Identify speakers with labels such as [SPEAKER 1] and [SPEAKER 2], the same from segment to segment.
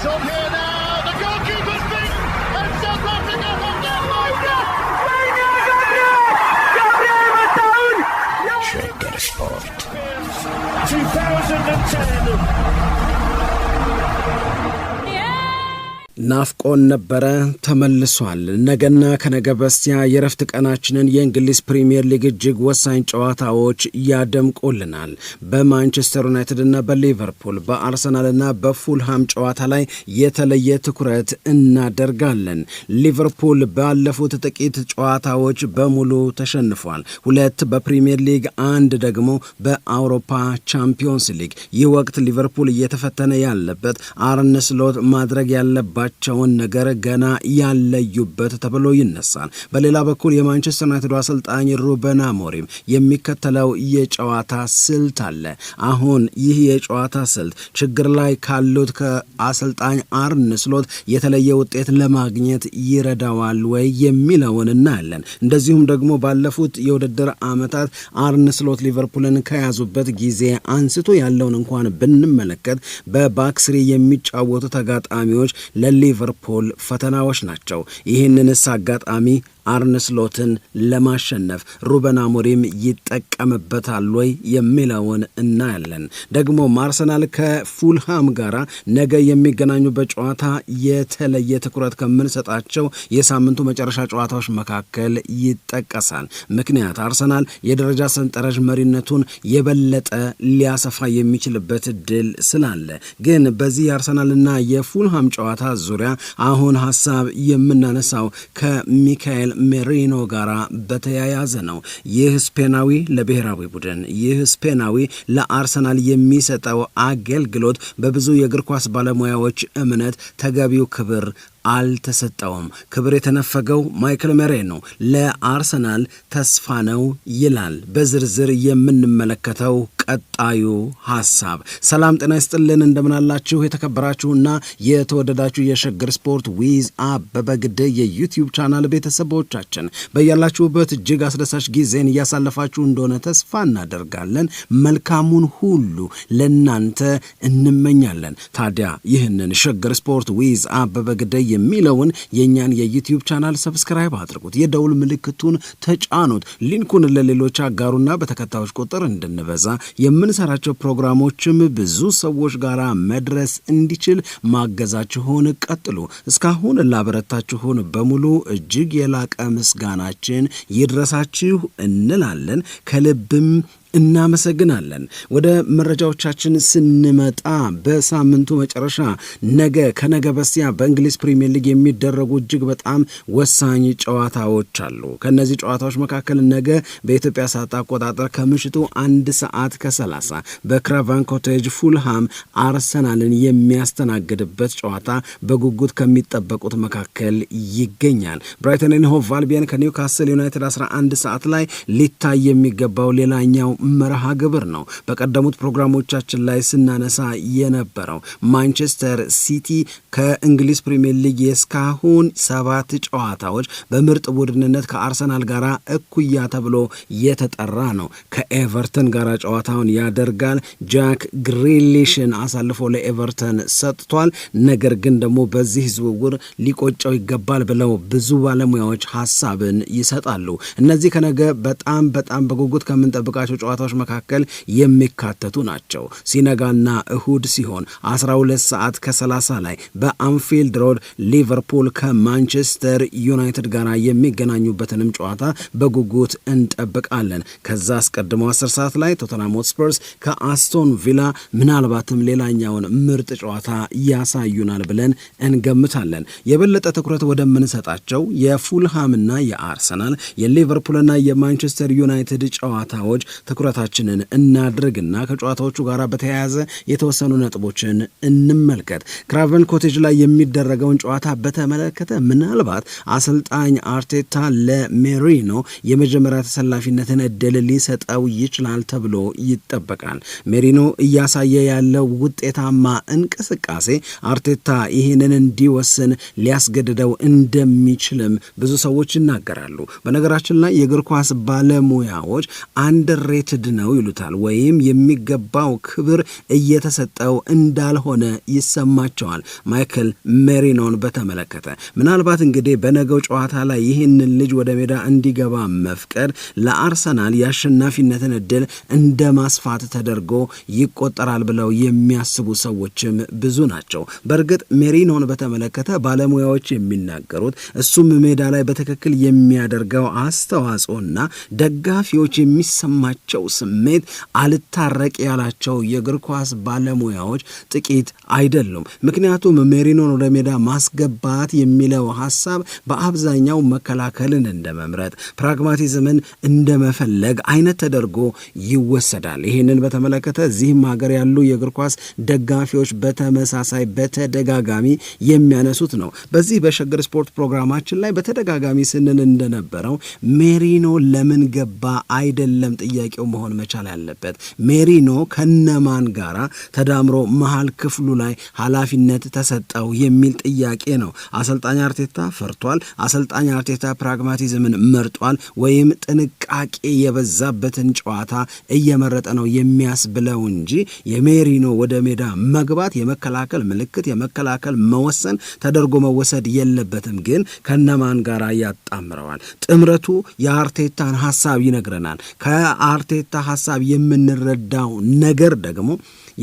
[SPEAKER 1] It's on here. ናፍቆን ነበረ ተመልሷል። ነገና ከነገ በስቲያ የረፍት ቀናችንን የእንግሊዝ ፕሪምየር ሊግ እጅግ ወሳኝ ጨዋታዎች ያደምቁልናል። በማንቸስተር ዩናይትድና በሊቨርፑል በአርሰናልና በፉልሃም ጨዋታ ላይ የተለየ ትኩረት እናደርጋለን። ሊቨርፑል ባለፉት ጥቂት ጨዋታዎች በሙሉ ተሸንፏል። ሁለት በፕሪምየር ሊግ፣ አንድ ደግሞ በአውሮፓ ቻምፒዮንስ ሊግ። ይህ ወቅት ሊቨርፑል እየተፈተነ ያለበት አርነ ስሎት ማድረግ ያለባቸው ያላቸውን ነገር ገና ያለዩበት ተብሎ ይነሳል። በሌላ በኩል የማንቸስተር ዩናይትድ አሰልጣኝ ሩበን አሞሪም የሚከተለው የጨዋታ ስልት አለ። አሁን ይህ የጨዋታ ስልት ችግር ላይ ካሉት ከአሰልጣኝ አርነ ስሎት የተለየ ውጤት ለማግኘት ይረዳዋል ወይ የሚለውን እናያለን። እንደዚሁም ደግሞ ባለፉት የውድድር ዓመታት አርነ ስሎት ሊቨርፑልን ከያዙበት ጊዜ አንስቶ ያለውን እንኳን ብንመለከት በባክስሪ የሚጫወቱ ተጋጣሚዎች ለሊ ለሊቨርፑል ፈተናዎች ናቸው። ይህንንስ አጋጣሚ አርንስሎትን ለማሸነፍ ሩበን አሞሪም ይጠቀምበታል ወይ የሚለውን እናያለን። ደግሞ አርሰናል ከፉልሃም ጋር ነገ የሚገናኙበት ጨዋታ የተለየ ትኩረት ከምንሰጣቸው የሳምንቱ መጨረሻ ጨዋታዎች መካከል ይጠቀሳል። ምክንያት አርሰናል የደረጃ ሰንጠረዥ መሪነቱን የበለጠ ሊያሰፋ የሚችልበት እድል ስላለ ግን በዚህ የአርሰናልና የፉልሃም ጨዋታ ዙሪያ አሁን ሀሳብ የምናነሳው ከሚካኤል ሜሪኖ ጋር በተያያዘ ነው። ይህ ስፔናዊ ለብሔራዊ ቡድን ይህ ስፔናዊ ለአርሰናል የሚሰጠው አገልግሎት በብዙ የእግር ኳስ ባለሙያዎች እምነት ተገቢው ክብር አልተሰጠውም። ክብር የተነፈገው ማይክል መሬ ነው። ለአርሰናል ተስፋ ነው ይላል በዝርዝር የምንመለከተው ቀጣዩ ሀሳብ። ሰላም ጤና ይስጥልን፣ እንደምናላችሁ የተከበራችሁና የተወደዳችሁ የሸገር ስፖርት ዊዝ አበበ ግደይ የዩትዩብ ቻናል ቤተሰቦቻችን በያላችሁበት እጅግ አስደሳች ጊዜን እያሳለፋችሁ እንደሆነ ተስፋ እናደርጋለን። መልካሙን ሁሉ ለእናንተ እንመኛለን። ታዲያ ይህንን ሸገር ስፖርት ዊዝ አበበ ግደይ የሚለውን የእኛን የዩትዩብ ቻናል ሰብስክራይብ አድርጉት፣ የደውል ምልክቱን ተጫኑት፣ ሊንኩን ለሌሎች አጋሩና በተከታዮች ቁጥር እንድንበዛ የምንሰራቸው ፕሮግራሞችም ብዙ ሰዎች ጋር መድረስ እንዲችል ማገዛችሁን ቀጥሉ። እስካሁን ላበረታችሁን በሙሉ እጅግ የላቀ ምስጋናችን ይድረሳችሁ እንላለን ከልብም እናመሰግናለን። ወደ መረጃዎቻችን ስንመጣ በሳምንቱ መጨረሻ ነገ፣ ከነገ በስቲያ በእንግሊዝ ፕሪምየር ሊግ የሚደረጉ እጅግ በጣም ወሳኝ ጨዋታዎች አሉ። ከእነዚህ ጨዋታዎች መካከል ነገ በኢትዮጵያ ሰዓት አቆጣጠር ከምሽቱ አንድ ሰዓት ከሰላሳ በክራቫን ኮቴጅ ፉልሃም አርሰናልን የሚያስተናግድበት ጨዋታ በጉጉት ከሚጠበቁት መካከል ይገኛል። ብራይተን ኤንሆቭ አልቢያን ከኒውካስል ዩናይትድ 11 ሰዓት ላይ ሊታይ የሚገባው ሌላኛው መርሃ ግብር ነው። በቀደሙት ፕሮግራሞቻችን ላይ ስናነሳ የነበረው ማንቸስተር ሲቲ ከእንግሊዝ ፕሪምየር ሊግ የእስካሁን ሰባት ጨዋታዎች በምርጥ ቡድንነት ከአርሰናል ጋር እኩያ ተብሎ የተጠራ ነው። ከኤቨርተን ጋር ጨዋታውን ያደርጋል። ጃክ ግሪሊሽን አሳልፎ ለኤቨርተን ሰጥቷል። ነገር ግን ደግሞ በዚህ ዝውውር ሊቆጨው ይገባል ብለው ብዙ ባለሙያዎች ሀሳብን ይሰጣሉ። እነዚህ ከነገ በጣም በጣም በጉጉት ከምንጠብቃቸው ጨዋታዎች መካከል የሚካተቱ ናቸው። ሲነጋና እሁድ ሲሆን 12 ሰዓት ከ30 ላይ በአንፊልድ ሮድ ሊቨርፑል ከማንቸስተር ዩናይትድ ጋር የሚገናኙበትንም ጨዋታ በጉጉት እንጠብቃለን። ከዛ አስቀድሞ 10 ሰዓት ላይ ቶተንሃም ሆትስፐርስ ከአስቶን ቪላ ምናልባትም ሌላኛውን ምርጥ ጨዋታ ያሳዩናል ብለን እንገምታለን። የበለጠ ትኩረት ወደምንሰጣቸው የፉልሃምና የአርሰናል የሊቨርፑልና የማንቸስተር ዩናይትድ ጨዋታዎች ትኩረታችንን እናድርግና ከጨዋታዎቹ ጋር በተያያዘ የተወሰኑ ነጥቦችን እንመልከት። ክራቨን ኮቴጅ ላይ የሚደረገውን ጨዋታ በተመለከተ ምናልባት አሰልጣኝ አርቴታ ለሜሪኖ የመጀመሪያ ተሰላፊነትን እድል ሊሰጠው ይችላል ተብሎ ይጠበቃል። ሜሪኖ እያሳየ ያለው ውጤታማ እንቅስቃሴ አርቴታ ይህንን እንዲወስን ሊያስገድደው እንደሚችልም ብዙ ሰዎች ይናገራሉ። በነገራችን ላይ የእግር ኳስ ባለሙያዎች አንድሬ ሪዋርድ ነው ይሉታል፣ ወይም የሚገባው ክብር እየተሰጠው እንዳልሆነ ይሰማቸዋል። ማይክል ሜሪኖን በተመለከተ ምናልባት እንግዲህ በነገው ጨዋታ ላይ ይህንን ልጅ ወደ ሜዳ እንዲገባ መፍቀድ ለአርሰናል የአሸናፊነትን እድል እንደ ማስፋት ተደርጎ ይቆጠራል ብለው የሚያስቡ ሰዎችም ብዙ ናቸው። በእርግጥ ሜሪኖን በተመለከተ ባለሙያዎች የሚናገሩት እሱም ሜዳ ላይ በትክክል የሚያደርገው አስተዋጽኦና ደጋፊዎች የሚሰማቸው ያላቸው ስሜት አልታረቅ ያላቸው የእግር ኳስ ባለሙያዎች ጥቂት አይደሉም። ምክንያቱም ሜሪኖን ወደ ሜዳ ማስገባት የሚለው ሀሳብ በአብዛኛው መከላከልን እንደ መምረጥ፣ ፕራግማቲዝምን እንደ መፈለግ አይነት ተደርጎ ይወሰዳል። ይህንን በተመለከተ እዚህም ሀገር ያሉ የእግር ኳስ ደጋፊዎች በተመሳሳይ በተደጋጋሚ የሚያነሱት ነው። በዚህ በሸገር ስፖርት ፕሮግራማችን ላይ በተደጋጋሚ ስንል እንደነበረው ሜሪኖ ለምን ገባ አይደለም ጥያቄው መሆን መቻል ያለበት። ሜሪኖ ከነማን ጋራ ተዳምሮ መሃል ክፍሉ ላይ ኃላፊነት ተሰጠው የሚል ጥያቄ ነው። አሰልጣኝ አርቴታ ፈርቷል። አሰልጣኝ አርቴታ ፕራግማቲዝምን መርጧል ወይም ጥንቃቄ የበዛበትን ጨዋታ እየመረጠ ነው የሚያስብለው እንጂ የሜሪኖ ወደ ሜዳ መግባት የመከላከል ምልክት የመከላከል መወሰን ተደርጎ መወሰድ የለበትም። ግን ከነማን ጋር ያጣምረዋል? ጥምረቱ የአርቴታን ሀሳብ ይነግረናል። ከአርቴ የአርቴታ ሀሳብ የምንረዳው ነገር ደግሞ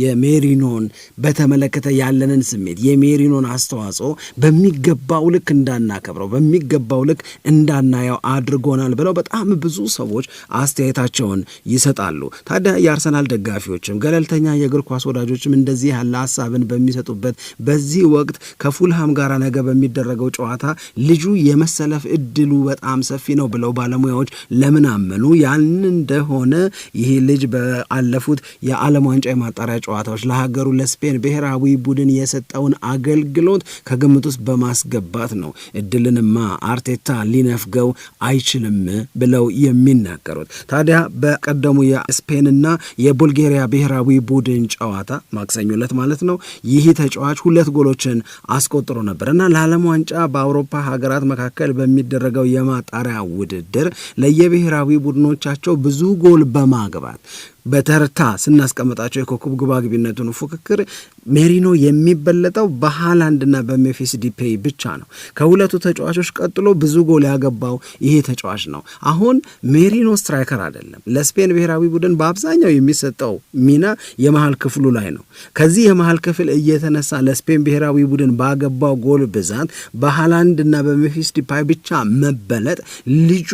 [SPEAKER 1] የሜሪኖን በተመለከተ ያለንን ስሜት የሜሪኖን አስተዋጽኦ በሚገባው ልክ እንዳናከብረው በሚገባው ልክ እንዳናየው አድርጎናል ብለው በጣም ብዙ ሰዎች አስተያየታቸውን ይሰጣሉ። ታዲያ የአርሰናል ደጋፊዎችም ገለልተኛ የእግር ኳስ ወዳጆችም እንደዚህ ያለ ሀሳብን በሚሰጡበት በዚህ ወቅት ከፉልሃም ጋር ነገ በሚደረገው ጨዋታ ልጁ የመሰለፍ እድሉ በጣም ሰፊ ነው ብለው ባለሙያዎች ለምን አመኑ? ያን እንደሆነ ይህ ልጅ በአለፉት የዓለም ዋንጫ የማጣሪያ ጨዋታዎች ለሀገሩ ለስፔን ብሔራዊ ቡድን የሰጠውን አገልግሎት ከግምት ውስጥ በማስገባት ነው እድልንማ አርቴታ ሊነፍገው አይችልም ብለው የሚናገሩት። ታዲያ በቀደሙ የስፔንና የቡልጌሪያ ብሔራዊ ቡድን ጨዋታ ማክሰኞ ዕለት ማለት ነው ይህ ተጫዋች ሁለት ጎሎችን አስቆጥሮ ነበር እና ለዓለም ዋንጫ በአውሮፓ ሀገራት መካከል በሚደረገው የማጣሪያ ውድድር ለየብሔራዊ ቡድኖቻቸው ብዙ ጎል በማግባት በተርታ ስናስቀምጣቸው የኮከብ ግብ ግብግቢነቱን ፉክክር ሜሪኖ የሚበለጠው በሃላንድና በሜፊስ ዲፔይ ብቻ ነው። ከሁለቱ ተጫዋቾች ቀጥሎ ብዙ ጎል ያገባው ይሄ ተጫዋች ነው። አሁን ሜሪኖ ስትራይከር አይደለም። ለስፔን ብሔራዊ ቡድን በአብዛኛው የሚሰጠው ሚና የመሀል ክፍሉ ላይ ነው። ከዚህ የመሀል ክፍል እየተነሳ ለስፔን ብሔራዊ ቡድን ባገባው ጎል ብዛት በሃላንድና በሜፊስ ዲፓይ ብቻ መበለጥ ልጁ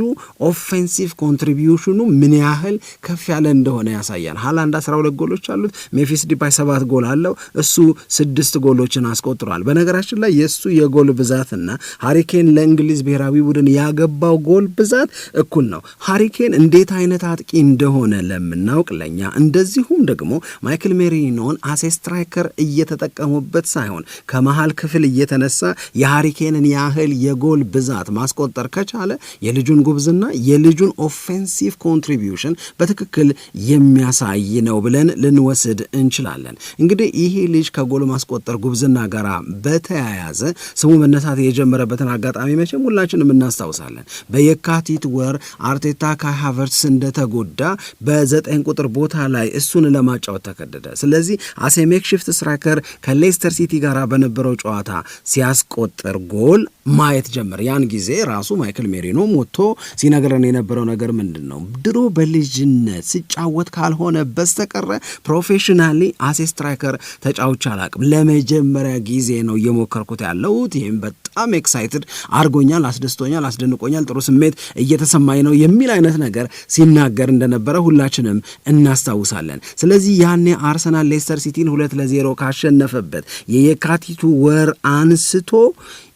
[SPEAKER 1] ኦፌንሲቭ ኮንትሪቢዩሽኑ ምን ያህል ከፍ ያለ እንደሆነ ያሳያል። ሃላንድ 12 ጎሎች አሉት። ሜፊስ ዲፓይ ሰባት ጎል አለው። እሱ ስድስት ጎሎችን አስቆጥሯል። በነገራችን ላይ የእሱ የጎል ብዛትና ሃሪኬን ለእንግሊዝ ብሔራዊ ቡድን ያገባው ጎል ብዛት እኩል ነው። ሃሪኬን እንዴት አይነት አጥቂ እንደሆነ ለምናውቅ ለኛ፣ እንደዚሁም ደግሞ ማይክል ሜሪኖን አሴ ስትራይከር እየተጠቀሙበት ሳይሆን ከመሀል ክፍል እየተነሳ የሃሪኬንን ያህል የጎል ብዛት ማስቆጠር ከቻለ የልጁን ጉብዝና የልጁን ኦፌንሲቭ ኮንትሪቢዩሽን በትክክል የሚያሳይ ነው ብለን ልንወስድ እንችላለን። እንግዲህ ይሄ ሊች ከጎል ማስቆጠር ጉብዝና ጋር በተያያዘ ስሙ መነሳት የጀመረበትን አጋጣሚ መቼም ሁላችንም እናስታውሳለን። በየካቲት ወር አርቴታ ካይ ሃቨርትስ እንደተጎዳ በዘጠኝ ቁጥር ቦታ ላይ እሱን ለማጫወት ተገደደ። ስለዚህ አሴ ሜክሽፍት ስትራይከር ከሌስተር ሲቲ ጋር በነበረው ጨዋታ ሲያስቆጥር ጎል ማየት ጀመር። ያን ጊዜ ራሱ ማይክል ሜሪኖ ሞቶ ሲነግረን የነበረው ነገር ምንድን ነው? ድሮ በልጅነት ሲጫወት ካልሆነ በስተቀረ ፕሮፌሽናሊ አሴ ስትራይከር ተጫ ተጫውቼ አላቅም። ለመጀመሪያ ጊዜ ነው እየሞከርኩት ያለሁት። ይህም በጣም ኤክሳይትድ አድርጎኛል፣ አስደስቶኛል፣ አስደንቆኛል፣ ጥሩ ስሜት እየተሰማኝ ነው የሚል አይነት ነገር ሲናገር እንደነበረ ሁላችንም እናስታውሳለን። ስለዚህ ያኔ አርሰናል ሌስተር ሲቲን ሁለት ለዜሮ ካሸነፈበት የየካቲቱ ወር አንስቶ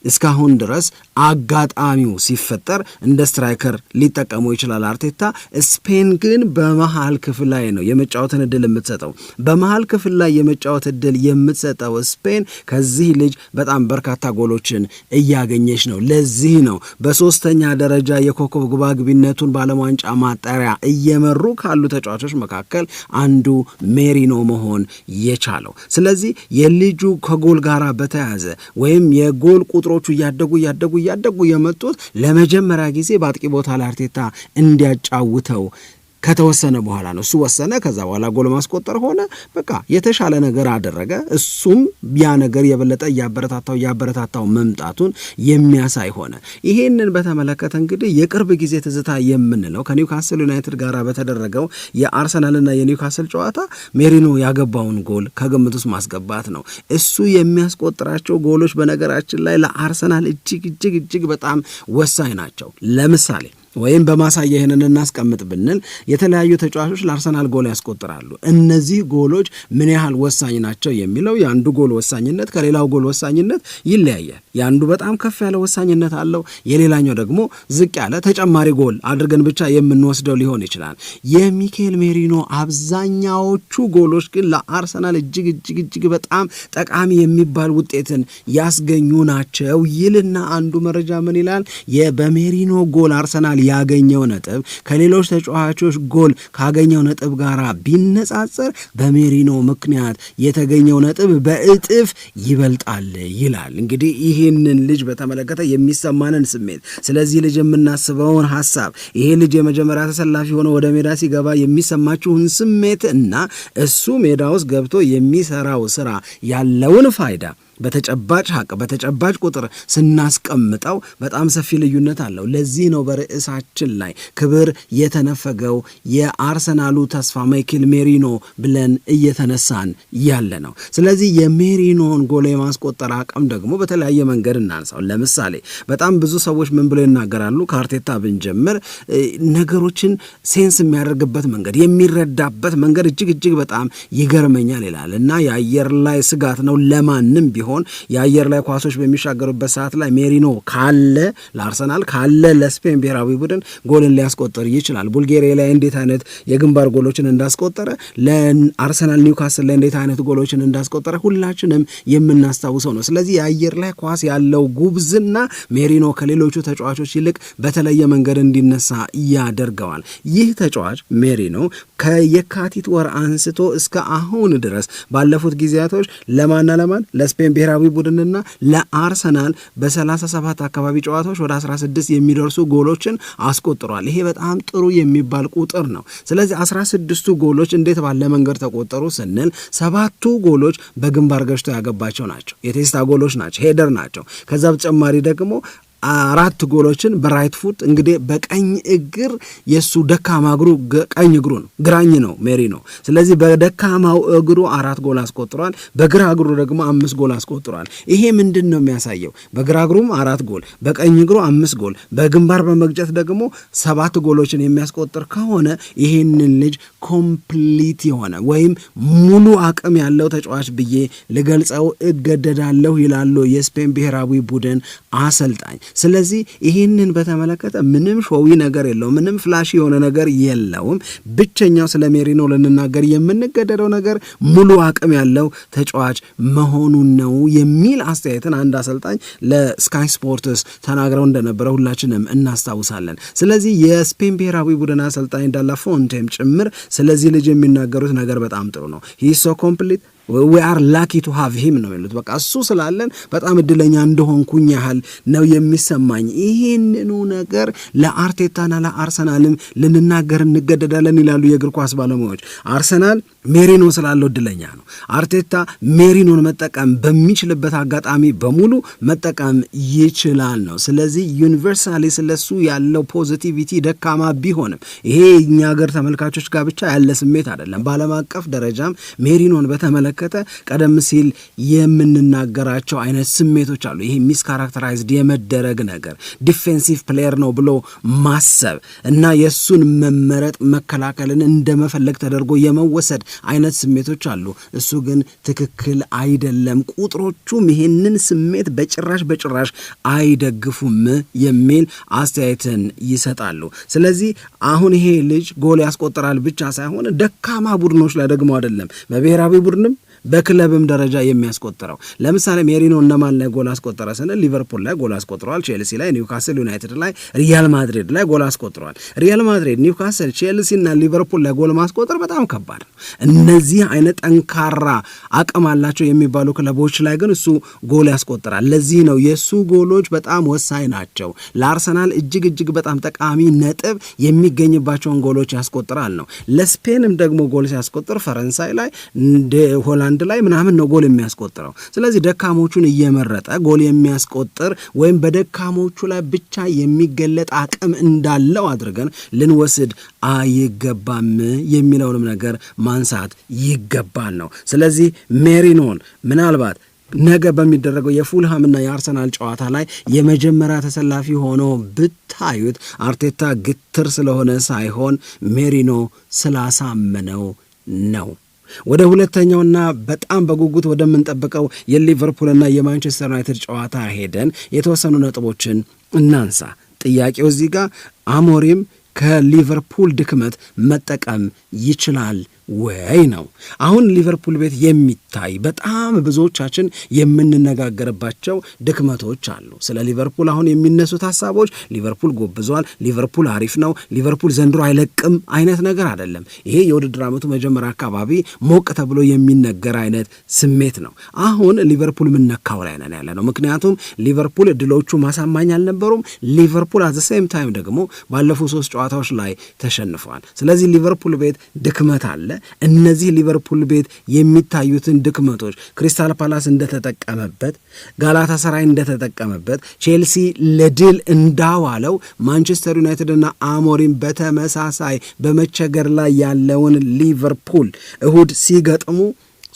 [SPEAKER 1] እስካሁን ድረስ አጋጣሚው ሲፈጠር እንደ ስትራይከር ሊጠቀሙ ይችላል አርቴታ። ስፔን ግን በመሃል ክፍል ላይ ነው የመጫወትን እድል የምትሰጠው። በመሃል ክፍል ላይ የመጫወት እድል የምትሰጠው ስፔን ከዚህ ልጅ በጣም በርካታ ጎሎችን እያገኘች ነው። ለዚህ ነው በሶስተኛ ደረጃ የኮከብ ግባግቢነቱን በዓለም ዋንጫ ማጣሪያ እየመሩ ካሉ ተጫዋቾች መካከል አንዱ ሜሪኖ መሆን የቻለው። ስለዚህ የልጁ ከጎል ጋር በተያያዘ ወይም የጎል ቁጥሮ ነገሮቹ እያደጉ እያደጉ እያደጉ የመጡት ለመጀመሪያ ጊዜ በአጥቂ ቦታ ላይ አርቴታ እንዲያጫውተው ከተወሰነ በኋላ ነው። እሱ ወሰነ፣ ከዛ በኋላ ጎል ማስቆጠር ሆነ። በቃ የተሻለ ነገር አደረገ። እሱም ያ ነገር የበለጠ እያበረታታው እያበረታታው መምጣቱን የሚያሳይ ሆነ። ይሄንን በተመለከተ እንግዲህ የቅርብ ጊዜ ትዝታ የምንለው ከኒውካስል ዩናይትድ ጋር በተደረገው የአርሰናልና የኒውካስል ጨዋታ ሜሪኖ ያገባውን ጎል ከግምት ውስጥ ማስገባት ነው። እሱ የሚያስቆጥራቸው ጎሎች በነገራችን ላይ ለአርሰናል እጅግ እጅግ እጅግ በጣም ወሳኝ ናቸው። ለምሳሌ ወይም በማሳያ ይህንን እናስቀምጥ ብንል የተለያዩ ተጫዋቾች ለአርሰናል ጎል ያስቆጥራሉ። እነዚህ ጎሎች ምን ያህል ወሳኝ ናቸው የሚለው የአንዱ ጎል ወሳኝነት ከሌላው ጎል ወሳኝነት ይለያያል። የአንዱ በጣም ከፍ ያለ ወሳኝነት አለው፣ የሌላኛው ደግሞ ዝቅ ያለ ተጨማሪ ጎል አድርገን ብቻ የምንወስደው ሊሆን ይችላል። የሚካኤል ሜሪኖ አብዛኛዎቹ ጎሎች ግን ለአርሰናል እጅግ እጅግ እጅግ በጣም ጠቃሚ የሚባል ውጤትን ያስገኙ ናቸው ይልና አንዱ መረጃ ምን ይላል? በሜሪኖ ጎል አርሰናል ያገኘው ነጥብ ከሌሎች ተጫዋቾች ጎል ካገኘው ነጥብ ጋር ቢነጻጸር በሜሪኖ ምክንያት የተገኘው ነጥብ በእጥፍ ይበልጣል ይላል። እንግዲህ ይህንን ልጅ በተመለከተ የሚሰማንን ስሜት፣ ስለዚህ ልጅ የምናስበውን ሀሳብ፣ ይሄ ልጅ የመጀመሪያ ተሰላፊ ሆኖ ወደ ሜዳ ሲገባ የሚሰማችሁን ስሜት እና እሱ ሜዳ ውስጥ ገብቶ የሚሰራው ስራ ያለውን ፋይዳ በተጨባጭ ሀቅ በተጨባጭ ቁጥር ስናስቀምጠው በጣም ሰፊ ልዩነት አለው። ለዚህ ነው በርዕሳችን ላይ ክብር የተነፈገው የአርሰናሉ ተስፋ ማይክል ሜሪኖ ብለን እየተነሳን ያለ ነው። ስለዚህ የሜሪኖን ጎል የማስቆጠር አቅም ደግሞ በተለያየ መንገድ እናንሳው። ለምሳሌ በጣም ብዙ ሰዎች ምን ብለው ይናገራሉ? ከአርቴታ ብንጀምር ነገሮችን ሴንስ የሚያደርግበት መንገድ የሚረዳበት መንገድ እጅግ እጅግ በጣም ይገርመኛል ይላል እና የአየር ላይ ስጋት ነው ለማንም ቢሆን ቢሆን የአየር ላይ ኳሶች በሚሻገሩበት ሰዓት ላይ ሜሪኖ ካለ ለአርሰናል ካለ ለስፔን ብሔራዊ ቡድን ጎልን ሊያስቆጥር ይችላል። ቡልጌሪያ ላይ እንዴት አይነት የግንባር ጎሎችን እንዳስቆጠረ፣ ለአርሰናል ኒውካስል ላይ እንዴት አይነት ጎሎችን እንዳስቆጠረ ሁላችንም የምናስታውሰው ነው። ስለዚህ የአየር ላይ ኳስ ያለው ጉብዝና ሜሪኖ ከሌሎቹ ተጫዋቾች ይልቅ በተለየ መንገድ እንዲነሳ ያደርገዋል። ይህ ተጫዋች ሜሪኖ ከየካቲት ወር አንስቶ እስከ አሁን ድረስ ባለፉት ጊዜያቶች ለማና ለማን ለስፔን ብሔራዊ ቡድንና ለአርሰናል በ37 አካባቢ ጨዋታዎች ወደ 16 የሚደርሱ ጎሎችን አስቆጥሯል። ይሄ በጣም ጥሩ የሚባል ቁጥር ነው። ስለዚህ 16ቱ ጎሎች እንዴት ባለ መንገድ ተቆጠሩ ስንል ሰባቱ ጎሎች በግንባር ገጭቶ ያገባቸው ናቸው፣ የቴስታ ጎሎች ናቸው፣ ሄደር ናቸው። ከዛ በተጨማሪ ደግሞ አራት ጎሎችን በራይት ፉት እንግዲህ በቀኝ እግር የእሱ ደካማ እግሩ ቀኝ እግሩ ነው፣ ግራኝ ነው ሜሪ ነው። ስለዚህ በደካማው እግሩ አራት ጎል አስቆጥሯል፣ በግራ እግሩ ደግሞ አምስት ጎል አስቆጥሯል። ይሄ ምንድን ነው የሚያሳየው? በግራ እግሩም አራት ጎል፣ በቀኝ እግሩ አምስት ጎል፣ በግንባር በመግጨት ደግሞ ሰባት ጎሎችን የሚያስቆጥር ከሆነ ይሄንን ልጅ ኮምፕሊት የሆነ ወይም ሙሉ አቅም ያለው ተጫዋች ብዬ ልገልጸው እገደዳለሁ ይላሉ የስፔን ብሔራዊ ቡድን አሰልጣኝ። ስለዚህ ይህንን በተመለከተ ምንም ሾዊ ነገር የለውም፣ ምንም ፍላሽ የሆነ ነገር የለውም። ብቸኛው ስለ ሜሪኖ ልንናገር የምንገደደው ነገር ሙሉ አቅም ያለው ተጫዋች መሆኑን ነው የሚል አስተያየትን አንድ አሰልጣኝ ለስካይ ስፖርትስ ተናግረው እንደነበረ ሁላችንም እናስታውሳለን። ስለዚህ የስፔን ብሔራዊ ቡድን አሰልጣኝ ዳላ ፎንቴም ጭምር ስለዚህ ልጅ የሚናገሩት ነገር በጣም ጥሩ ነው። ሂሶ ኮምፕሊት ዊ አር ላኪ ቱ ሃቭ ሂም ነው ያሉት። በቃ እሱ ስላለን በጣም እድለኛ እንደሆንኩኝ ያህል ነው የሚሰማኝ። ይህንኑ ነገር ለአርቴታና ለአርሰናልም ልንናገር እንገደዳለን ይላሉ የእግር ኳስ ባለሙያዎች። አርሰናል ሜሪኖ ስላለው እድለኛ ነው። አርቴታ ሜሪኖን መጠቀም በሚችልበት አጋጣሚ በሙሉ መጠቀም ይችላል ነው። ስለዚህ ዩኒቨርሳሊ ስለሱ ያለው ፖዚቲቪቲ ደካማ ቢሆንም ይሄ እኛ ሀገር ተመልካቾች ጋር ብቻ ያለ ስሜት አይደለም። በዓለም አቀፍ ደረጃም ሜሪኖን በተመለ በተመለከተ ቀደም ሲል የምንናገራቸው አይነት ስሜቶች አሉ። ይሄ ሚስ ካራክተራይዝድ የመደረግ ነገር፣ ዲፌንሲቭ ፕሌየር ነው ብሎ ማሰብ እና የእሱን መመረጥ መከላከልን እንደመፈለግ ተደርጎ የመወሰድ አይነት ስሜቶች አሉ። እሱ ግን ትክክል አይደለም። ቁጥሮቹም ይሄንን ስሜት በጭራሽ በጭራሽ አይደግፉም የሚል አስተያየትን ይሰጣሉ። ስለዚህ አሁን ይሄ ልጅ ጎል ያስቆጥራል ብቻ ሳይሆን ደካማ ቡድኖች ላይ ደግሞ አይደለም በብሔራዊ ቡድንም በክለብም ደረጃ የሚያስቆጥረው ለምሳሌ ሜሪኖ እነማን ላይ ጎል አስቆጠረ ስንል ሊቨርፑል ላይ ጎል አስቆጥረዋል፣ ቼልሲ ላይ፣ ኒውካስል ዩናይትድ ላይ፣ ሪያል ማድሪድ ላይ ጎል አስቆጥረዋል። ሪያል ማድሪድ፣ ኒውካስል፣ ቼልሲ እና ሊቨርፑል ላይ ጎል ማስቆጠር በጣም ከባድ ነው። እነዚህ አይነት ጠንካራ አቅም አላቸው የሚባሉ ክለቦች ላይ ግን እሱ ጎል ያስቆጥራል። ለዚህ ነው የእሱ ጎሎች በጣም ወሳኝ ናቸው። ለአርሰናል እጅግ እጅግ በጣም ጠቃሚ ነጥብ የሚገኝባቸውን ጎሎች ያስቆጥራል ነው። ለስፔንም ደግሞ ጎል ሲያስቆጥር ፈረንሳይ ላይ ሆላንድ አንድ ላይ ምናምን ነው ጎል የሚያስቆጥረው። ስለዚህ ደካሞቹን እየመረጠ ጎል የሚያስቆጥር ወይም በደካሞቹ ላይ ብቻ የሚገለጥ አቅም እንዳለው አድርገን ልንወስድ አይገባም የሚለውንም ነገር ማንሳት ይገባል ነው። ስለዚህ ሜሪኖን ምናልባት ነገ በሚደረገው የፉልሃምና የአርሰናል ጨዋታ ላይ የመጀመሪያ ተሰላፊ ሆኖ ብታዩት አርቴታ ግትር ስለሆነ ሳይሆን ሜሪኖ ስላሳመነው ነው። ወደ ሁለተኛውና በጣም በጉጉት ወደምንጠብቀው የሊቨርፑልና የማንቸስተር ዩናይትድ ጨዋታ ሄደን የተወሰኑ ነጥቦችን እናንሳ። ጥያቄው እዚህ ጋር አሞሪም ከሊቨርፑል ድክመት መጠቀም ይችላል ወይ ነው። አሁን ሊቨርፑል ቤት የሚታይ በጣም ብዙዎቻችን የምንነጋገርባቸው ድክመቶች አሉ። ስለ ሊቨርፑል አሁን የሚነሱት ሀሳቦች ሊቨርፑል ጎብዟል፣ ሊቨርፑል አሪፍ ነው፣ ሊቨርፑል ዘንድሮ አይለቅም አይነት ነገር አይደለም። ይሄ የውድድር ዓመቱ መጀመሪያ አካባቢ ሞቅ ተብሎ የሚነገር አይነት ስሜት ነው። አሁን ሊቨርፑል ምነካው ላይ ነን ያለ ነው። ምክንያቱም ሊቨርፑል ድሎቹ ማሳማኝ አልነበሩም። ሊቨርፑል አት ሴም ታይም ደግሞ ባለፉት ሶስት ጨዋታዎች ላይ ተሸንፏል። ስለዚህ ሊቨርፑል ቤት ድክመት አለ። እነዚህ ሊቨርፑል ቤት የሚታዩትን ድክመቶች ክሪስታል ፓላስ እንደተጠቀመበት፣ ጋላታ ሰራይ እንደተጠቀመበት፣ ቼልሲ ለድል እንዳዋለው ማንቸስተር ዩናይትድና አሞሪም በተመሳሳይ በመቸገር ላይ ያለውን ሊቨርፑል እሁድ ሲገጥሙ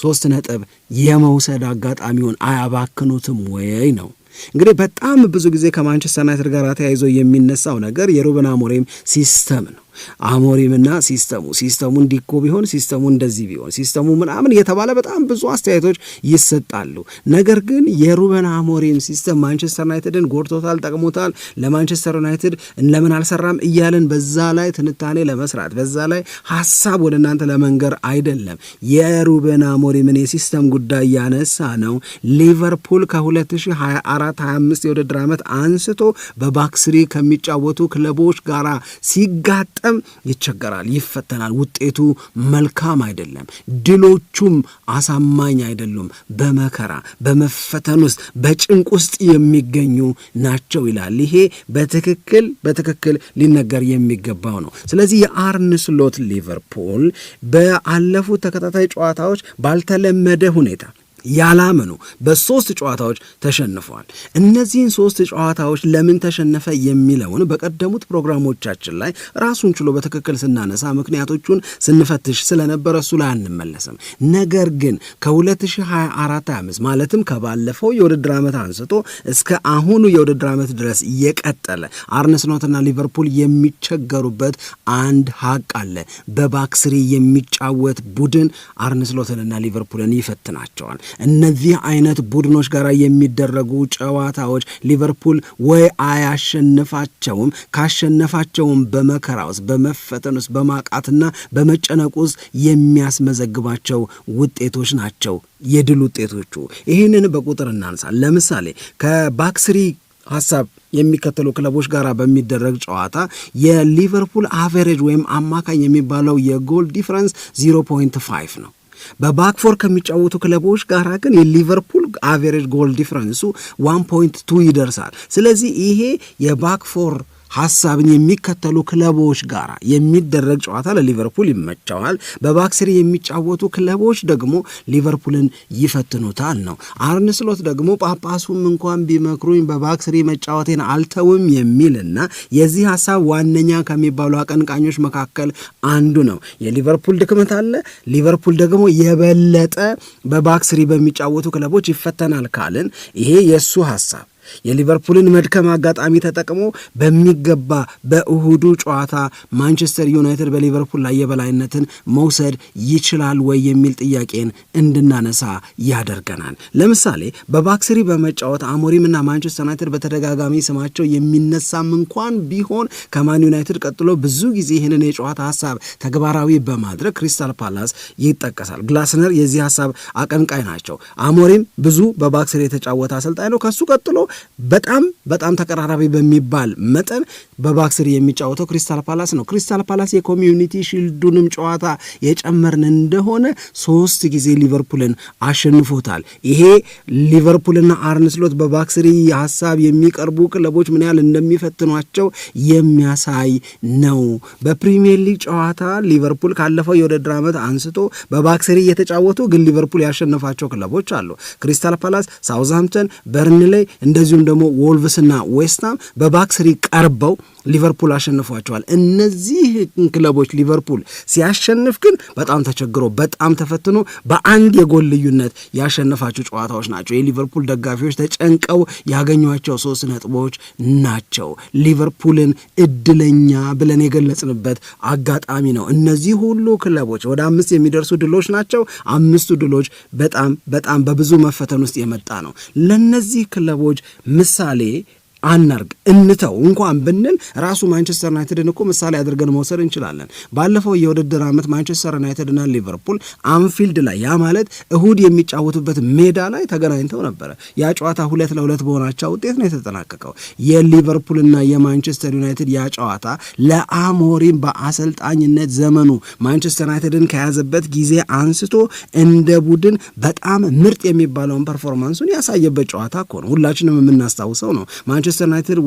[SPEAKER 1] ሶስት ነጥብ የመውሰድ አጋጣሚውን አያባክኑትም ወይ ነው። እንግዲህ በጣም ብዙ ጊዜ ከማንቸስተር ዩናይትድ ጋር ተያይዞ የሚነሳው ነገር የሩበን አሞሪም ሲስተም ነው። አሞሪምና ሲስተሙ ሲስተሙ እንዲኮ ቢሆን ሲስተሙ እንደዚህ ቢሆን ሲስተሙ ምናምን የተባለ በጣም ብዙ አስተያየቶች ይሰጣሉ። ነገር ግን የሩበን አሞሪም ሲስተም ማንቸስተር ዩናይትድን ጎድቶታል፣ ጠቅሞታል፣ ለማንቸስተር ዩናይትድ ለምን አልሰራም እያልን በዛ ላይ ትንታኔ ለመስራት በዛ ላይ ሀሳብ ወደ እናንተ ለመንገር አይደለም። የሩበን አሞሪምን የሲስተም ጉዳይ ያነሳ ነው። ሊቨርፑል ከ2024/25 የውድድር ዓመት አንስቶ በባክስሪ ከሚጫወቱ ክለቦች ጋራ ሲጋጠ ለመጠቀም ይቸገራል፣ ይፈተናል። ውጤቱ መልካም አይደለም፣ ድሎቹም አሳማኝ አይደሉም። በመከራ በመፈተን ውስጥ በጭንቅ ውስጥ የሚገኙ ናቸው ይላል። ይሄ በትክክል በትክክል ሊነገር የሚገባው ነው። ስለዚህ የአርን ስሎት ሊቨርፑል በአለፉት ተከታታይ ጨዋታዎች ባልተለመደ ሁኔታ ያላመኑ በሶስት ጨዋታዎች ተሸንፈዋል። እነዚህን ሶስት ጨዋታዎች ለምን ተሸነፈ የሚለውን በቀደሙት ፕሮግራሞቻችን ላይ ራሱን ችሎ በትክክል ስናነሳ ምክንያቶቹን ስንፈትሽ ስለነበረ እሱ ላይ አንመለስም። ነገር ግን ከ2024/25 ማለትም ከባለፈው የውድድር ዓመት አንስቶ እስከ አሁኑ የውድድር ዓመት ድረስ የቀጠለ አርነስኖትና ሊቨርፑል የሚቸገሩበት አንድ ሀቅ አለ። በባክስሪ የሚጫወት ቡድን አርነስኖትንና ሊቨርፑልን ይፈትናቸዋል። እነዚህ አይነት ቡድኖች ጋር የሚደረጉ ጨዋታዎች ሊቨርፑል ወይ አያሸንፋቸውም፣ ካሸነፋቸውም በመከራ ውስጥ በመፈተን ውስጥ በማቃትና በመጨነቁ ውስጥ የሚያስመዘግባቸው ውጤቶች ናቸው የድል ውጤቶቹ። ይህንን በቁጥር እናንሳ። ለምሳሌ ከባክስሪ ሀሳብ የሚከተሉ ክለቦች ጋር በሚደረግ ጨዋታ የሊቨርፑል አቨሬጅ ወይም አማካኝ የሚባለው የጎል ዲፍረንስ 0.5 ነው። በባክፎር ከሚጫወቱ ክለቦች ጋር ግን የሊቨርፑል አቬሬጅ ጎል ዲፍረንሱ ዋን ፖይንት ቱ ይደርሳል። ስለዚህ ይሄ የባክፎር ሀሳብን የሚከተሉ ክለቦች ጋር የሚደረግ ጨዋታ ለሊቨርፑል ይመቸዋል። በባክስሪ የሚጫወቱ ክለቦች ደግሞ ሊቨርፑልን ይፈትኑታል ነው። አርነ ስሎት ደግሞ ጳጳሱም እንኳን ቢመክሩኝ በባክስሪ መጫወቴን አልተውም የሚልና የዚህ ሀሳብ ዋነኛ ከሚባሉ አቀንቃኞች መካከል አንዱ ነው። የሊቨርፑል ድክመት አለ። ሊቨርፑል ደግሞ የበለጠ በባክስሪ በሚጫወቱ ክለቦች ይፈተናል ካልን ይሄ የእሱ ሀሳብ የሊቨርፑልን መድከም አጋጣሚ ተጠቅሞ በሚገባ በእሁዱ ጨዋታ ማንቸስተር ዩናይትድ በሊቨርፑል ላይ የበላይነትን መውሰድ ይችላል ወይ የሚል ጥያቄን እንድናነሳ ያደርገናል። ለምሳሌ በባክስሪ በመጫወት አሞሪም እና ማንቸስተር ዩናይትድ በተደጋጋሚ ስማቸው የሚነሳም እንኳን ቢሆን ከማን ዩናይትድ ቀጥሎ ብዙ ጊዜ ይህንን የጨዋታ ሀሳብ ተግባራዊ በማድረግ ክሪስታል ፓላስ ይጠቀሳል። ግላስነር የዚህ ሀሳብ አቀንቃይ ናቸው። አሞሪም ብዙ በባክስሪ የተጫወተ አሰልጣኝ ነው። ከሱ ቀጥሎ በጣም በጣም ተቀራራቢ በሚባል መጠን በባክስሪ የሚጫወተው ክሪስታል ፓላስ ነው። ክሪስታል ፓላስ የኮሚዩኒቲ ሺልዱንም ጨዋታ የጨመርን እንደሆነ ሶስት ጊዜ ሊቨርፑልን አሸንፎታል። ይሄ ሊቨርፑልና አርንስሎት በባክስሪ ሀሳብ የሚቀርቡ ክለቦች ምን ያህል እንደሚፈትኗቸው የሚያሳይ ነው። በፕሪሚየር ሊግ ጨዋታ ሊቨርፑል ካለፈው የውድድር ዓመት አንስቶ በባክስሪ እየተጫወቱ ግን ሊቨርፑል ያሸነፋቸው ክለቦች አሉ። ክሪስታል ፓላስ፣ ሳውዝሃምፕተን፣ በርንሌይ እንደዚ እንደዚሁም ደግሞ ወልቭስና ዌስትሃም በባክ ስሪ ቀርበው ሊቨርፑል አሸንፏቸዋል። እነዚህ ክለቦች ሊቨርፑል ሲያሸንፍ ግን በጣም ተቸግሮ በጣም ተፈትኖ በአንድ የጎል ልዩነት ያሸነፋቸው ጨዋታዎች ናቸው። የሊቨርፑል ደጋፊዎች ተጨንቀው ያገኟቸው ሶስት ነጥቦች ናቸው። ሊቨርፑልን እድለኛ ብለን የገለጽንበት አጋጣሚ ነው። እነዚህ ሁሉ ክለቦች ወደ አምስት የሚደርሱ ድሎች ናቸው። አምስቱ ድሎች በጣም በጣም በብዙ መፈተን ውስጥ የመጣ ነው። ለእነዚህ ክለቦች ምሳሌ አናርግ እንተው እንኳን ብንል ራሱ ማንቸስተር ዩናይትድን እኮ ምሳሌ አድርገን መውሰድ እንችላለን። ባለፈው የውድድር ዓመት ማንቸስተር ዩናይትድና ሊቨርፑል አንፊልድ ላይ ያ ማለት እሁድ የሚጫወቱበት ሜዳ ላይ ተገናኝተው ነበረ። ያ ጨዋታ ሁለት ለሁለት በሆናቸው ውጤት ነው የተጠናቀቀው። የሊቨርፑልና የማንቸስተር ዩናይትድ ያ ጨዋታ ለአሞሪም በአሰልጣኝነት ዘመኑ ማንቸስተር ዩናይትድን ከያዘበት ጊዜ አንስቶ እንደ ቡድን በጣም ምርጥ የሚባለውን ፐርፎርማንሱን ያሳየበት ጨዋታ እኮ ነው። ሁላችንም የምናስታውሰው ነው። ማንቸስተር ዩናይትድ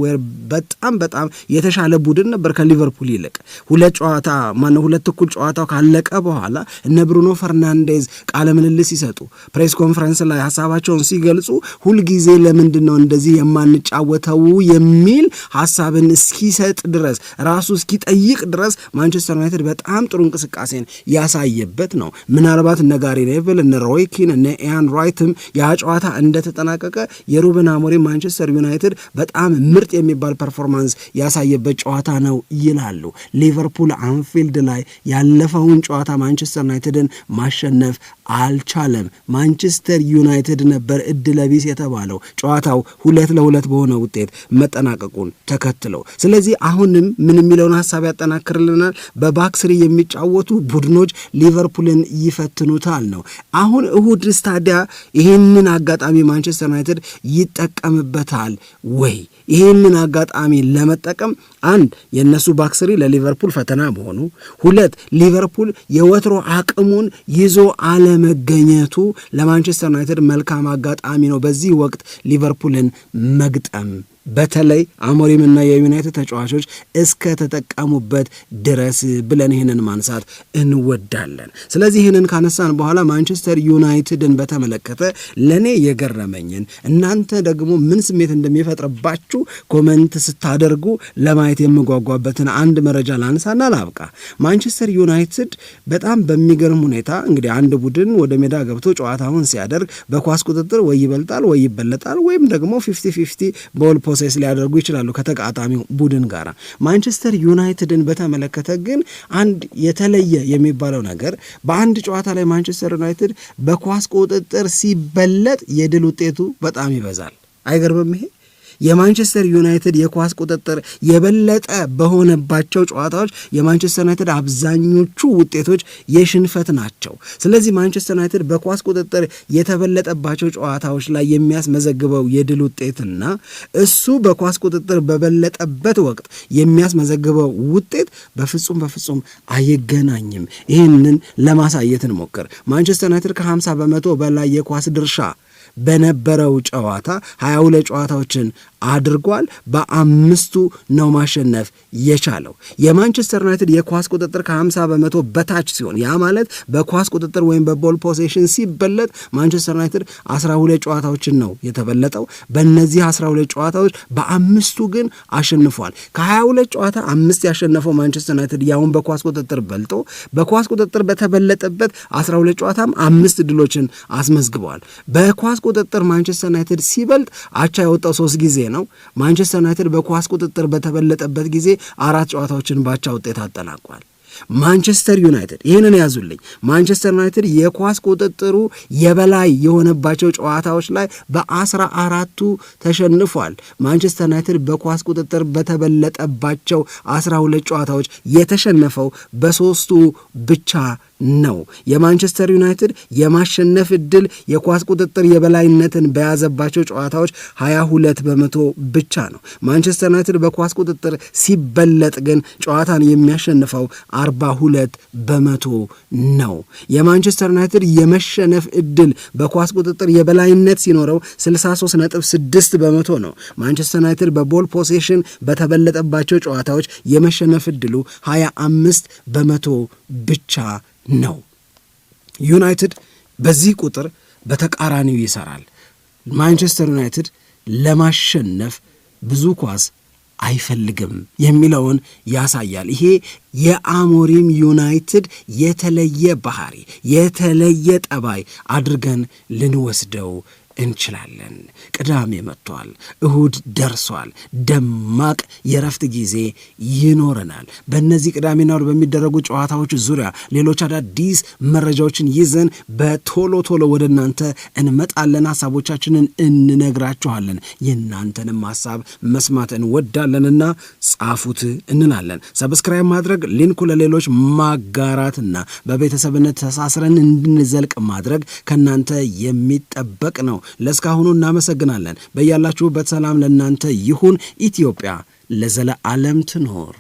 [SPEAKER 1] በጣም በጣም የተሻለ ቡድን ነበር ከሊቨርፑል ይልቅ። ሁለት ጨዋታ ማነ ሁለት እኩል ጨዋታው ካለቀ በኋላ እነ ብሩኖ ፈርናንዴዝ ቃለ ምልልስ ሲሰጡ፣ ፕሬስ ኮንፈረንስ ላይ ሀሳባቸውን ሲገልጹ ሁልጊዜ ለምንድን ነው እንደዚህ የማንጫወተው የሚል ሀሳብን እስኪሰጥ ድረስ ራሱ እስኪጠይቅ ድረስ ማንቸስተር ዩናይትድ በጣም ጥሩ እንቅስቃሴን ያሳየበት ነው። ምናልባት እነ ጋሪ ኔቭል እነ ሮይኪን እነ ኤያን ራይትም ያ ጨዋታ እንደተጠናቀቀ የሩበን አሞሪም ማንቸስተር ዩናይትድ በጣም ምርጥ የሚባል ፐርፎርማንስ ያሳየበት ጨዋታ ነው ይላሉ። ሊቨርፑል አንፊልድ ላይ ያለፈውን ጨዋታ ማንቸስተር ዩናይትድን ማሸነፍ አልቻለም። ማንቸስተር ዩናይትድ ነበር እድለቢስ የተባለው ጨዋታው ሁለት ለሁለት በሆነ ውጤት መጠናቀቁን ተከትለው ስለዚህ አሁንም ምን የሚለውን ሀሳብ ያጠናክርልናል። በባክስሪ የሚጫወቱ ቡድኖች ሊቨርፑልን ይፈትኑታል ነው። አሁን እሁድ ስታዲያ ይህንን አጋጣሚ ማንቸስተር ዩናይትድ ይጠቀምበታል ወይ? ይህንን አጋጣሚ ለመጠቀም አንድ የእነሱ ባክስሪ ለሊቨርፑል ፈተና መሆኑ፣ ሁለት ሊቨርፑል የወትሮ አቅሙን ይዞ አለመገኘቱ ለማንቸስተር ዩናይትድ መልካም አጋጣሚ ነው በዚህ ወቅት ሊቨርፑልን መግጠም በተለይ አሞሪምና የዩናይትድ ተጫዋቾች እስከ ተጠቀሙበት ድረስ ብለን ይህንን ማንሳት እንወዳለን። ስለዚህ ይህንን ካነሳን በኋላ ማንቸስተር ዩናይትድን በተመለከተ ለእኔ የገረመኝን እናንተ ደግሞ ምን ስሜት እንደሚፈጥርባችሁ ኮመንት ስታደርጉ ለማየት የምጓጓበትን አንድ መረጃ ላንሳና ላብቃ። ማንቸስተር ዩናይትድ በጣም በሚገርም ሁኔታ እንግዲህ አንድ ቡድን ወደ ሜዳ ገብቶ ጨዋታውን ሲያደርግ በኳስ ቁጥጥር ወይ ይበልጣል ወይ ይበለጣል ወይም ደግሞ ፊፍቲ ፊፍቲ ፖሴስ ሊያደርጉ ይችላሉ ከተቃጣሚው ቡድን ጋር። ማንቸስተር ዩናይትድን በተመለከተ ግን አንድ የተለየ የሚባለው ነገር በአንድ ጨዋታ ላይ ማንቸስተር ዩናይትድ በኳስ ቁጥጥር ሲበለጥ የድል ውጤቱ በጣም ይበዛል። አይገርምም ይሄ የማንቸስተር ዩናይትድ የኳስ ቁጥጥር የበለጠ በሆነባቸው ጨዋታዎች የማንቸስተር ዩናይትድ አብዛኞቹ ውጤቶች የሽንፈት ናቸው። ስለዚህ ማንቸስተር ዩናይትድ በኳስ ቁጥጥር የተበለጠባቸው ጨዋታዎች ላይ የሚያስመዘግበው የድል ውጤትና እሱ በኳስ ቁጥጥር በበለጠበት ወቅት የሚያስመዘግበው ውጤት በፍጹም በፍጹም አይገናኝም። ይህንን ለማሳየት እንሞክር። ማንቸስተር ዩናይትድ ከ50 በመቶ በላይ የኳስ ድርሻ በነበረው ጨዋታ 22 ጨዋታዎችን አድርጓል። በአምስቱ ነው ማሸነፍ የቻለው። የማንቸስተር ዩናይትድ የኳስ ቁጥጥር ከ50 በመቶ በታች ሲሆን ያ ማለት በኳስ ቁጥጥር ወይም በቦል ፖሴሽን ሲበለጥ ማንቸስተር ዩናይትድ 12 ጨዋታዎችን ነው የተበለጠው። በእነዚህ 12 ጨዋታዎች በአምስቱ ግን አሸንፏል። ከ22 ጨዋታ አምስት ያሸነፈው ማንቸስተር ዩናይትድ ያውን በኳስ ቁጥጥር በልጦ በኳስ ቁጥጥር በተበለጠበት 12 ጨዋታም አምስት ድሎችን አስመዝግበዋል። በኳስ ቁጥጥር ማንቸስተር ዩናይትድ ሲበልጥ አቻ የወጣው ሶስት ጊዜ ነው። ማንቸስተር ዩናይትድ በኳስ ቁጥጥር በተበለጠበት ጊዜ አራት ጨዋታዎችን ባቻ ውጤት አጠናቋል። ማንቸስተር ዩናይትድ ይህንን ያዙልኝ። ማንቸስተር ዩናይትድ የኳስ ቁጥጥሩ የበላይ የሆነባቸው ጨዋታዎች ላይ በአስራ አራቱ ተሸንፏል። ማንቸስተር ዩናይትድ በኳስ ቁጥጥር በተበለጠባቸው አስራ ሁለት ጨዋታዎች የተሸነፈው በሶስቱ ብቻ ነው። የማንቸስተር ዩናይትድ የማሸነፍ እድል የኳስ ቁጥጥር የበላይነትን በያዘባቸው ጨዋታዎች 22 በመቶ ብቻ ነው። ማንቸስተር ዩናይትድ በኳስ ቁጥጥር ሲበለጥ ግን ጨዋታን የሚያሸንፈው 42 በመቶ ነው። የማንቸስተር ዩናይትድ የመሸነፍ እድል በኳስ ቁጥጥር የበላይነት ሲኖረው 63.6 በመቶ ነው። ማንቸስተር ዩናይትድ በቦል ፖሴሽን በተበለጠባቸው ጨዋታዎች የመሸነፍ እድሉ 25 በመቶ ብቻ ነው። ዩናይትድ በዚህ ቁጥር በተቃራኒው ይሰራል። ማንቸስተር ዩናይትድ ለማሸነፍ ብዙ ኳስ አይፈልግም የሚለውን ያሳያል። ይሄ የአሞሪም ዩናይትድ የተለየ ባህሪ፣ የተለየ ጠባይ አድርገን ልንወስደው እንችላለን። ቅዳሜ መጥቷል፣ እሁድ ደርሷል። ደማቅ የረፍት ጊዜ ይኖረናል። በእነዚህ ቅዳሜና እሁድ በሚደረጉ ጨዋታዎች ዙሪያ ሌሎች አዳዲስ መረጃዎችን ይዘን በቶሎ ቶሎ ወደ እናንተ እንመጣለን። ሀሳቦቻችንን እንነግራችኋለን። የእናንተንም ሀሳብ መስማት እንወዳለንና ጻፉት እንላለን። ሰብስክራይብ ማድረግ፣ ሊንኩ ለሌሎች ማጋራትና በቤተሰብነት ተሳስረን እንድንዘልቅ ማድረግ ከእናንተ የሚጠበቅ ነው። ነው። ለእስካሁኑ እናመሰግናለን። በያላችሁበት ሰላም ለእናንተ ይሁን። ኢትዮጵያ ለዘለዓለም ትኖር።